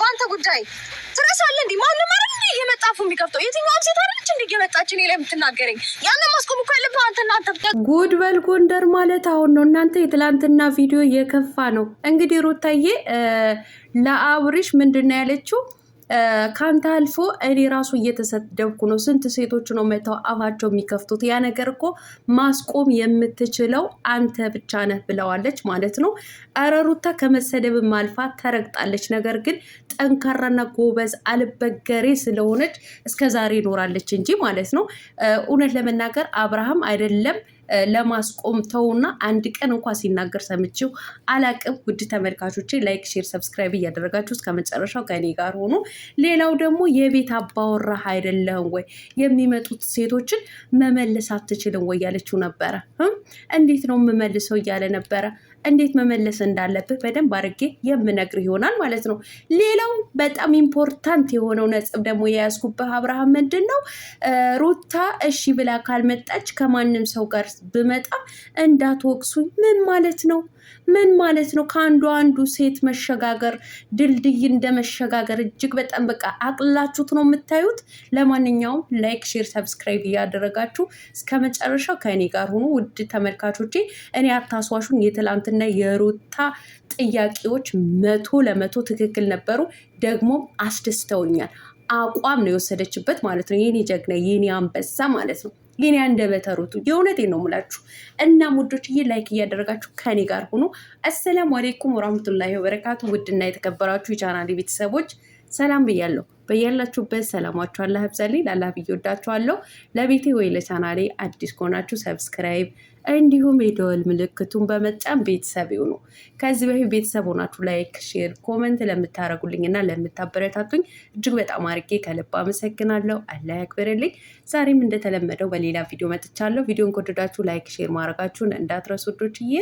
በአንተ ጉዳይ ትረሳለህ። እንዲ ማንም አረ እየመጣፉ የሚከፍተው የትኛውም ሴት አረች እንዲ እየመጣች እኔ ላይ የምትናገረኝ ያነ ማስቆም እኮ ያለብህ አንተ እናንተ ጉድ በል ጎንደር ማለት አሁን ነው። እናንተ የትላንትና ቪዲዮ የከፋ ነው። እንግዲህ ሩታዬ ለአብሪሽ ምንድን ነው ያለችው? ከአንተ አልፎ እኔ ራሱ እየተሰደብኩ ነው። ስንት ሴቶች ነው መተው አፋቸው የሚከፍቱት? ያ ነገር እኮ ማስቆም የምትችለው አንተ ብቻ ነህ ብለዋለች ማለት ነው። ኧረ ሩታ ከመሰደብም አልፋ ተረግጣለች። ነገር ግን ጠንካራና ጎበዝ አልበገሬ ስለሆነች እስከዛሬ ይኖራለች እንጂ ማለት ነው። እውነት ለመናገር አብርሃም አይደለም ለማስቆም ተውና አንድ ቀን እንኳ ሲናገር ሰምቼው አላቅም። ውድ ተመልካቾቼ ላይክ፣ ሼር፣ ሰብስክራይብ እያደረጋችሁ እስከ መጨረሻው ከኔ ጋር ሆኖ ሌላው ደግሞ የቤት አባወራ አይደለህም ወይ የሚመጡት ሴቶችን መመለስ አትችልም ወይ ያለችው ነበረ። እንዴት ነው የምመልሰው እያለ ነበረ እንዴት መመለስ እንዳለብህ በደንብ አድርጌ የምነግር ይሆናል ማለት ነው። ሌላው በጣም ኢምፖርታንት የሆነው ነጥብ ደግሞ የያዝኩብህ አብርሃም ምንድን ነው ሩታ እሺ ብላ ካልመጣች ከማንም ሰው ጋር ብመጣ እንዳትወቅሱኝ ምን ማለት ነው? ምን ማለት ነው? ከአንዱ አንዱ ሴት መሸጋገር ድልድይ እንደ መሸጋገር እጅግ በጣም በቃ አቅላችሁት ነው የምታዩት። ለማንኛውም ላይክ፣ ሼር፣ ሰብስክራይብ እያደረጋችሁ እስከ መጨረሻው ከእኔ ጋር ሆኖ ውድ ተመልካቾቼ እኔ አታስዋሹን። የትላንትና የሩታ ጥያቄዎች መቶ ለመቶ ትክክል ነበሩ፣ ደግሞ አስደስተውኛል። አቋም ነው የወሰደችበት ማለት ነው። የኔ ጀግና የኔ አንበሳ ማለት ነው። የኔ አንደበተ ርቱዕ የእውነቴን ነው የምላችሁ። እና ሙዶች ይህ ላይክ እያደረጋችሁ ከኔ ጋር ሆኖ አሰላሙ አሌይኩም ወራህመቱላሂ ወበረካቱ። ውድና የተከበራችሁ የቻናሌ ቤተሰቦች ሰላም ብያለሁ። በያላችሁበት ሰላማችሁ አላህ ብዛልኝ። ላላህ ብዬ ወዳችኋለሁ። ለቤቴ ወይ ለቻናሌ አዲስ ከሆናችሁ ሰብስክራይብ እንዲሁም የደወል ምልክቱን በመጫን ቤተሰብ ይሁኑ። ከዚህ በፊት ቤተሰብ ሆናችሁ ላይክ፣ ሼር፣ ኮመንት እና ለምታበረታቱኝ እጅግ በጣም አድርጌ ከልብ አመሰግናለሁ። አላህ ያክብርልኝ። ዛሬም እንደተለመደው በሌላ ቪዲዮ መጥቻለሁ። ቪዲዮን ከወደዳችሁ ላይክ፣ ሼር ማድረጋችሁን እንዳትረሱ ውዶችዬ።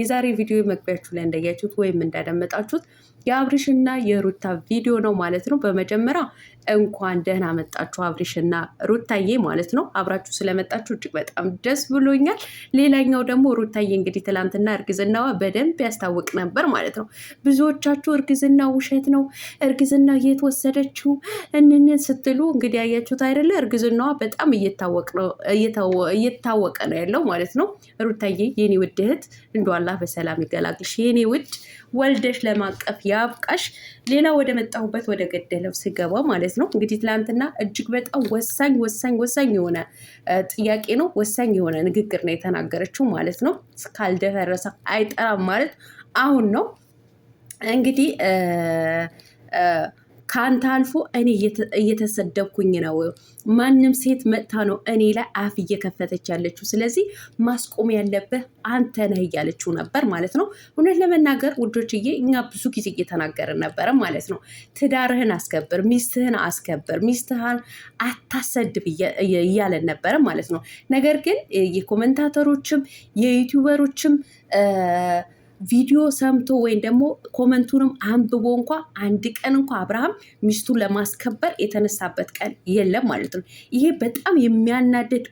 የዛሬ ቪዲዮ መግቢያችሁ ላይ እንዳያችሁት ወይም እንዳደመጣችሁት የአብሪሽና የሩታ ቪዲዮ ነው ማለት ነው። በመጀመሪያ እንኳን ደህና መጣችሁ አብሪሽና ሩታዬ ማለት ነው። አብራችሁ ስለመጣችሁ እጅግ በጣም ደስ ብሎኛል። ሌላኛው ደግሞ ሩታዬ እንግዲህ ትላንትና እርግዝናዋ በደንብ ያስታውቅ ነበር ማለት ነው። ብዙዎቻችሁ እርግዝና ውሸት ነው፣ እርግዝና እየተወሰደችው እንን ስትሉ እንግዲህ ያያችሁት አይደለ? እርግዝናዋ በጣም እየታወቀ ነው ያለው ማለት ነው። ሩታዬ የኔ ውድ እህት እንደው አላህ በሰላም ይገላግልሽ የኔ ውድ ወልደሽ ለማቀፍ ያብቃሽ። ሌላ ወደ መጣሁበት ወደ ገደለው ስገባ ማለት ነው እንግዲህ ትላንትና እጅግ በጣም ወሳኝ ወሳኝ ወሳኝ የሆነ ጥያቄ ነው፣ ወሳኝ የሆነ ንግግር ነው የተናገረ የተናገረችው ማለት ነው። እስካልደፈረሰ አይጠራም ማለት አሁን ነው እንግዲህ ከአንተ አልፎ እኔ እየተሰደብኩኝ ነው። ማንም ሴት መጥታ ነው እኔ ላይ አፍ እየከፈተች ያለችው። ስለዚህ ማስቆም ያለብህ አንተ ነህ እያለችው ነበር ማለት ነው። እውነት ለመናገር ውዶችዬ፣ እኛ ብዙ ጊዜ እየተናገርን ነበረ ማለት ነው። ትዳርህን አስከብር፣ ሚስትህን አስከብር፣ ሚስትህን አታሰድብ እያለን ነበረ ማለት ነው። ነገር ግን የኮመንታተሮችም የዩቲዩበሮችም ቪዲዮ ሰምቶ ወይም ደግሞ ኮመንቱንም አንብቦ እንኳ አንድ ቀን እንኳ አብርሃም ሚስቱን ለማስከበር የተነሳበት ቀን የለም ማለት ነው። ይሄ በጣም የሚያናደድ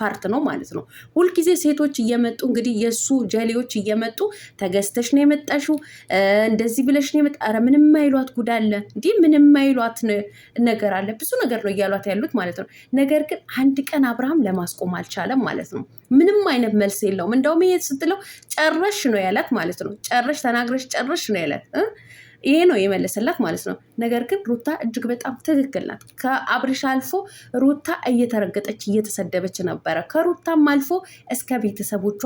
ፓርት ነው ማለት ነው። ሁልጊዜ ሴቶች እየመጡ እንግዲህ የእሱ ጀሌዎች እየመጡ ተገዝተሽ ነው የመጣሽው፣ እንደዚህ ብለሽ ነው የመጣ ኧረ ምንም ማይሏት ጉድ እንዲህ ምንም ማይሏት ነገር አለ ብዙ ነገር ነው እያሏት ያሉት ማለት ነው። ነገር ግን አንድ ቀን አብርሃም ለማስቆም አልቻለም ማለት ነው። ምንም አይነት መልስ የለውም። እንደውም ይሄ ስትለው ጨረሽ ነው ያላት ማለት ነው። ጨረሽ ተናግረሽ ጨረሽ ነው ያላት ይሄ ነው የመለሰላት ማለት ነው። ነገር ግን ሩታ እጅግ በጣም ትክክል ናት። ከአብርሻ አልፎ ሩታ እየተረገጠች እየተሰደበች ነበረ። ከሩታም አልፎ እስከ ቤተሰቦቿ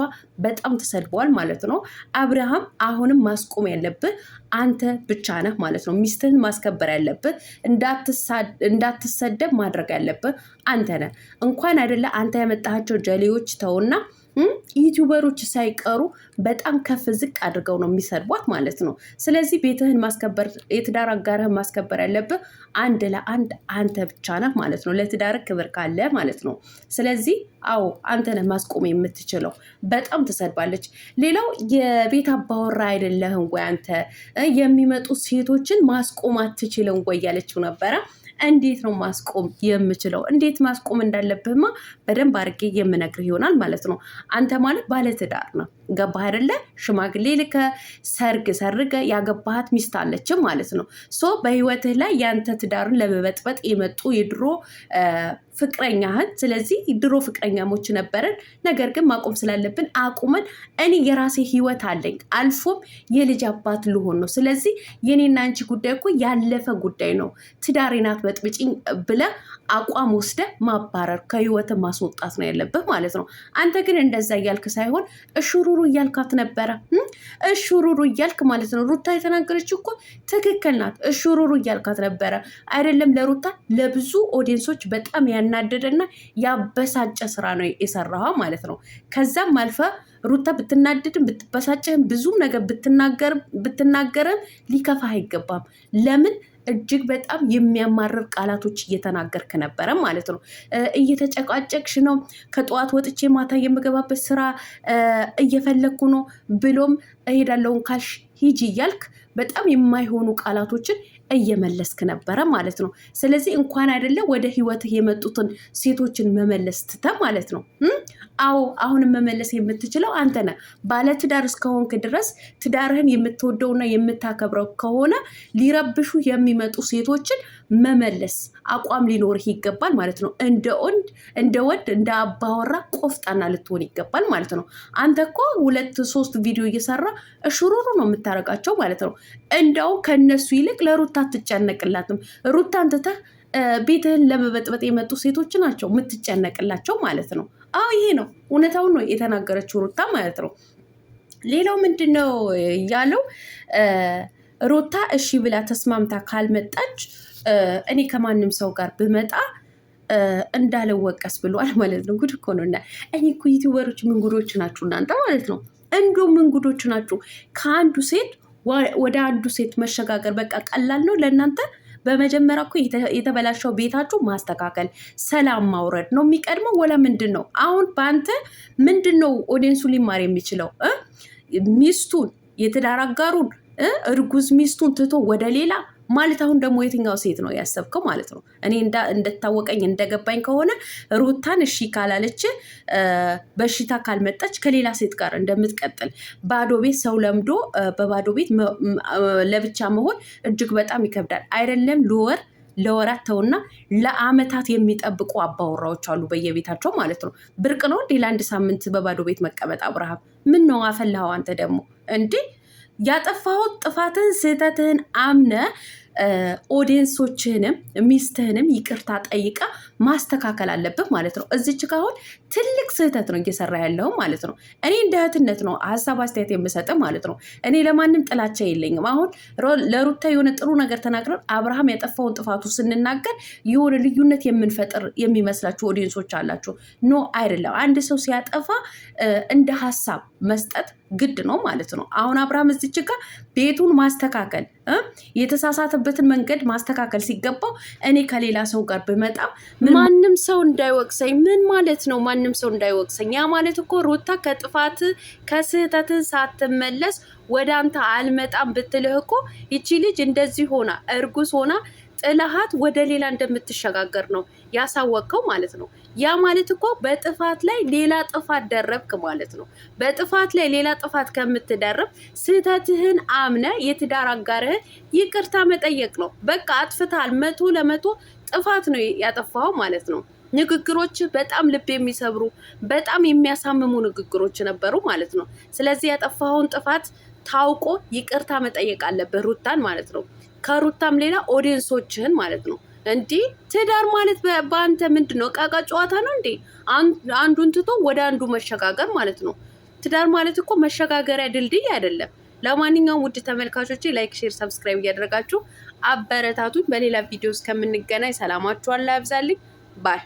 በጣም ተሰድበዋል ማለት ነው። አብርሃም አሁንም ማስቆም ያለብህ አንተ ብቻ ነህ ማለት ነው። ሚስትህን ማስከበር ያለብህ እንዳትሰደብ ማድረግ ያለብህ አንተ ነህ። እንኳን አይደለ አንተ ያመጣቸው ጀሌዎች ተውና ዩቲዩበሮች ሳይቀሩ በጣም ከፍ ዝቅ አድርገው ነው የሚሰድቧት ማለት ነው። ስለዚህ ቤትህን ማስከበር የትዳር አጋርህን ማስከበር ያለብህ አንድ ለአንድ አንተ ብቻ ነህ ማለት ነው። ለትዳር ክብር ካለ ማለት ነው። ስለዚህ አዎ አንተ ነህ ማስቆም የምትችለው። በጣም ትሰድባለች። ሌላው የቤት አባወራ አይደለህም ወይ አንተ የሚመጡ ሴቶችን ማስቆም አትችልም ወይ ያለችው ነበረ። እንዴት ነው ማስቆም የምችለው? እንዴት ማስቆም እንዳለብህማ በደንብ አድርጌ የምነግርህ ይሆናል ማለት ነው። አንተ ማለት ባለትዳር ነው። ገባ አይደለ? ሽማግሌ ልከ ሰርግ ሰርገ ያገባሃት ሚስት አለችም ማለት ነው። ሶ በህይወትህ ላይ ያንተ ትዳሩን ለመበጥበጥ የመጡ የድሮ ፍቅረኛህን ስለዚህ ድሮ ፍቅረኛሞች ነበረን፣ ነገር ግን ማቆም ስላለብን አቁመን እኔ የራሴ ህይወት አለኝ፣ አልፎም የልጅ አባት ልሆን ነው። ስለዚህ የኔና አንቺ ጉዳይ እኮ ያለፈ ጉዳይ ነው። ትዳሬ ናት በጥብጭኝ ብለ አቋም ወስደ ማባረር ከህይወት ማስወጣት ነው ያለብህ ማለት ነው። አንተ ግን እንደዛ እያልክ ሳይሆን እሹሩ እሹሩሩ እያልካት ነበረ። እሹሩሩ እያልክ ማለት ነው። ሩታ የተናገረችው እኮ ትክክል ናት። እሹሩሩ እያልካት ነበረ አይደለም? ለሩታ ለብዙ ኦዲየንሶች በጣም ያናደደና ያበሳጨ ስራ ነው የሰራኸው ማለት ነው። ከዛም አልፈ ሩታ ብትናደድም ብትበሳጨህም ብዙም ነገር ብትናገርም ሊከፋህ አይገባም። ለምን እጅግ በጣም የሚያማርር ቃላቶች እየተናገርክ ነበረ ማለት ነው። እየተጨቃጨቅሽ ነው፣ ከጠዋት ወጥቼ ማታ የምገባበት ስራ እየፈለግኩ ነው ብሎም እሄዳለሁን ካልሽ ሂጂ እያልክ በጣም የማይሆኑ ቃላቶችን እየመለስክ ነበረ ማለት ነው። ስለዚህ እንኳን አይደለም ወደ ህይወትህ የመጡትን ሴቶችን መመለስ ትተ ማለት ነው። አዎ አሁንም መመለስ የምትችለው አንተ ነህ። ባለትዳር እስከሆንክ ድረስ ትዳርህን የምትወደውና የምታከብረው ከሆነ ሊረብሹ የሚመጡ ሴቶችን መመለስ አቋም ሊኖርህ ይገባል ማለት ነው። እንደ ወንድ እንደ ወንድ እንደ አባወራ ቆፍጣና ልትሆን ይገባል ማለት ነው። አንተ እኮ ሁለት ሶስት ቪዲዮ እየሰራ ሹሩሩ ነው የምታረጋቸው ማለት ነው። እንደው ከነሱ ይልቅ ለሩታ አትጨነቅላትም። ሩታ እንትተህ ቤትህን ለመበጥበጥ የመጡ ሴቶች ናቸው የምትጨነቅላቸው ማለት ነው። አዎ ይሄ ነው እውነታውን ነው የተናገረችው ሩታ ማለት ነው። ሌላው ምንድን ነው ያለው ሩታ እሺ ብላ ተስማምታ ካልመጣች እኔ ከማንም ሰው ጋር ብመጣ እንዳለወቀስ ብሏል ማለት ነው። ጉድ እኮ ነው እና እኔ እኮ ዩቲዩበሮች ምንጉዶች ናችሁ እናንተ ማለት ነው። እንዶ ምን ጉዶች ናችሁ? ከአንዱ ሴት ወደ አንዱ ሴት መሸጋገር በቃ ቀላል ነው ለእናንተ። በመጀመሪያ እኮ የተበላሸው ቤታችሁ ማስተካከል፣ ሰላም ማውረድ ነው የሚቀድመው። ወላ ምንድን ነው አሁን በአንተ ምንድን ነው ኦዲየንሱ ሊማር የሚችለው? ሚስቱን የትዳር አጋሩን እርጉዝ ሚስቱን ትቶ ወደ ሌላ ማለት አሁን ደግሞ የትኛው ሴት ነው ያሰብከው ማለት ነው። እኔ እንደታወቀኝ እንደገባኝ ከሆነ ሩታን እሺ ካላለች በሽታ ካልመጣች ከሌላ ሴት ጋር እንደምትቀጥል ባዶ ቤት ሰው ለምዶ በባዶ ቤት ለብቻ መሆን እጅግ በጣም ይከብዳል። አይደለም ልወር ለወራት ተውና ለአመታት የሚጠብቁ አባወራዎች አሉ በየቤታቸው ማለት ነው። ብርቅ ነው እንዴ ለአንድ ሳምንት በባዶ ቤት መቀመጥ? አብርሃም ምን ነው አፈላኸው አንተ ደግሞ እንዴ ያጠፋሁት ጥፋትን ስህተትህን አምነ ኦዲየንሶችህንም ሚስትህንም ይቅርታ ጠይቃ ማስተካከል አለብህ ማለት ነው። እዚች ካሁን ትልቅ ስህተት ነው እየሰራ ያለው ማለት ነው። እኔ እንደ እህትነት ነው ሀሳብ አስተያየት የምሰጥ ማለት ነው። እኔ ለማንም ጥላቻ የለኝም። አሁን ለሩታ የሆነ ጥሩ ነገር ተናግረን አብርሃም ያጠፋውን ጥፋቱ ስንናገር የሆነ ልዩነት የምንፈጥር የሚመስላችሁ ኦዲየንሶች አላችሁ። ኖ አይደለም። አንድ ሰው ሲያጠፋ እንደ ሀሳብ መስጠት ግድ ነው ማለት ነው። አሁን አብርሃም እዚች ጋር ቤቱን ማስተካከል የተሳሳተበትን መንገድ ማስተካከል ሲገባው እኔ ከሌላ ሰው ጋር ብመጣም ማንም ሰው እንዳይወቅሰኝ። ምን ማለት ነው? ማንም ሰው እንዳይወቅሰኝ? ያ ማለት እኮ ሩታ ከጥፋት ከስህተት ሳትመለስ ወደ አንተ አልመጣም ብትልህ እኮ ይቺ ልጅ እንደዚህ ሆና እርጉዝ ሆና ጥላሃት ወደ ሌላ እንደምትሸጋገር ነው ያሳወቅከው ማለት ነው። ያ ማለት እኮ በጥፋት ላይ ሌላ ጥፋት ደረብክ ማለት ነው። በጥፋት ላይ ሌላ ጥፋት ከምትደርብ ስህተትህን አምነ የትዳር አጋርህን ይቅርታ መጠየቅ ነው። በቃ አጥፍታል። መቶ ለመቶ ጥፋት ነው ያጠፋው ማለት ነው። ንግግሮች በጣም ልብ የሚሰብሩ በጣም የሚያሳምሙ ንግግሮች ነበሩ ማለት ነው። ስለዚህ ያጠፋኸውን ጥፋት ታውቆ ይቅርታ መጠየቅ አለበት ሩታን ማለት ነው። ከሩታም ሌላ ኦዲየንሶችህን ማለት ነው። እንዴ ትዳር ማለት በአንተ ምንድን ነው? ዕቃ ጨዋታ ነው እንዴ? አንዱን ትቶ ወደ አንዱ መሸጋገር ማለት ነው። ትዳር ማለት እኮ መሸጋገሪያ ድልድይ አይደለም። ለማንኛውም ውድ ተመልካቾች ላይክ፣ ሼር፣ ሰብስክራይብ እያደረጋችሁ አበረታቱን። በሌላ ቪዲዮ እስከምንገናኝ ሰላማችኋን ላይ ያብዛልኝ ባይ